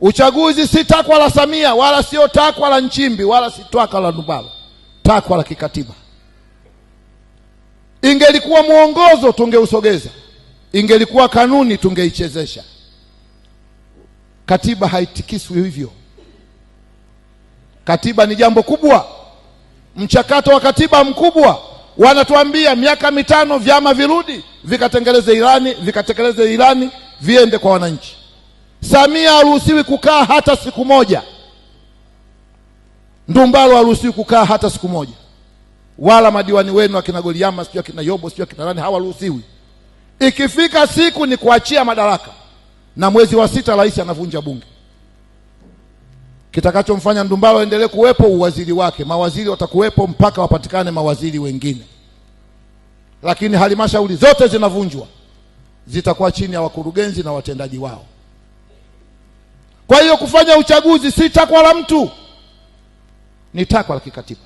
Uchaguzi si takwa la Samia wala sio takwa la Nchimbi wala si takwa la Ndumbalo, takwa la kikatiba. Ingelikuwa mwongozo tungeusogeza, ingelikuwa kanuni tungeichezesha. Katiba haitikiswi hivyo. Katiba ni jambo kubwa, mchakato wa katiba mkubwa. Wanatuambia miaka mitano vyama virudi vikatengeleze ilani, vikatekeleze ilani, viende kwa wananchi. Samia haruhusiwi kukaa hata siku moja, Ndumbaro haruhusiwi kukaa hata siku moja, wala madiwani wenu akina Goliama sio akina Yobo sio akina nani, hawaruhusiwi. Ikifika siku ni kuachia madaraka, na mwezi wa sita rais anavunja bunge. Kitakachomfanya Ndumbaro aendelee kuwepo uwaziri wake, mawaziri watakuwepo mpaka wapatikane mawaziri wengine, lakini halmashauri zote zinavunjwa, zitakuwa chini ya wakurugenzi na watendaji wao. Kwa hiyo kufanya uchaguzi si takwa la mtu, ni takwa la kikatiba.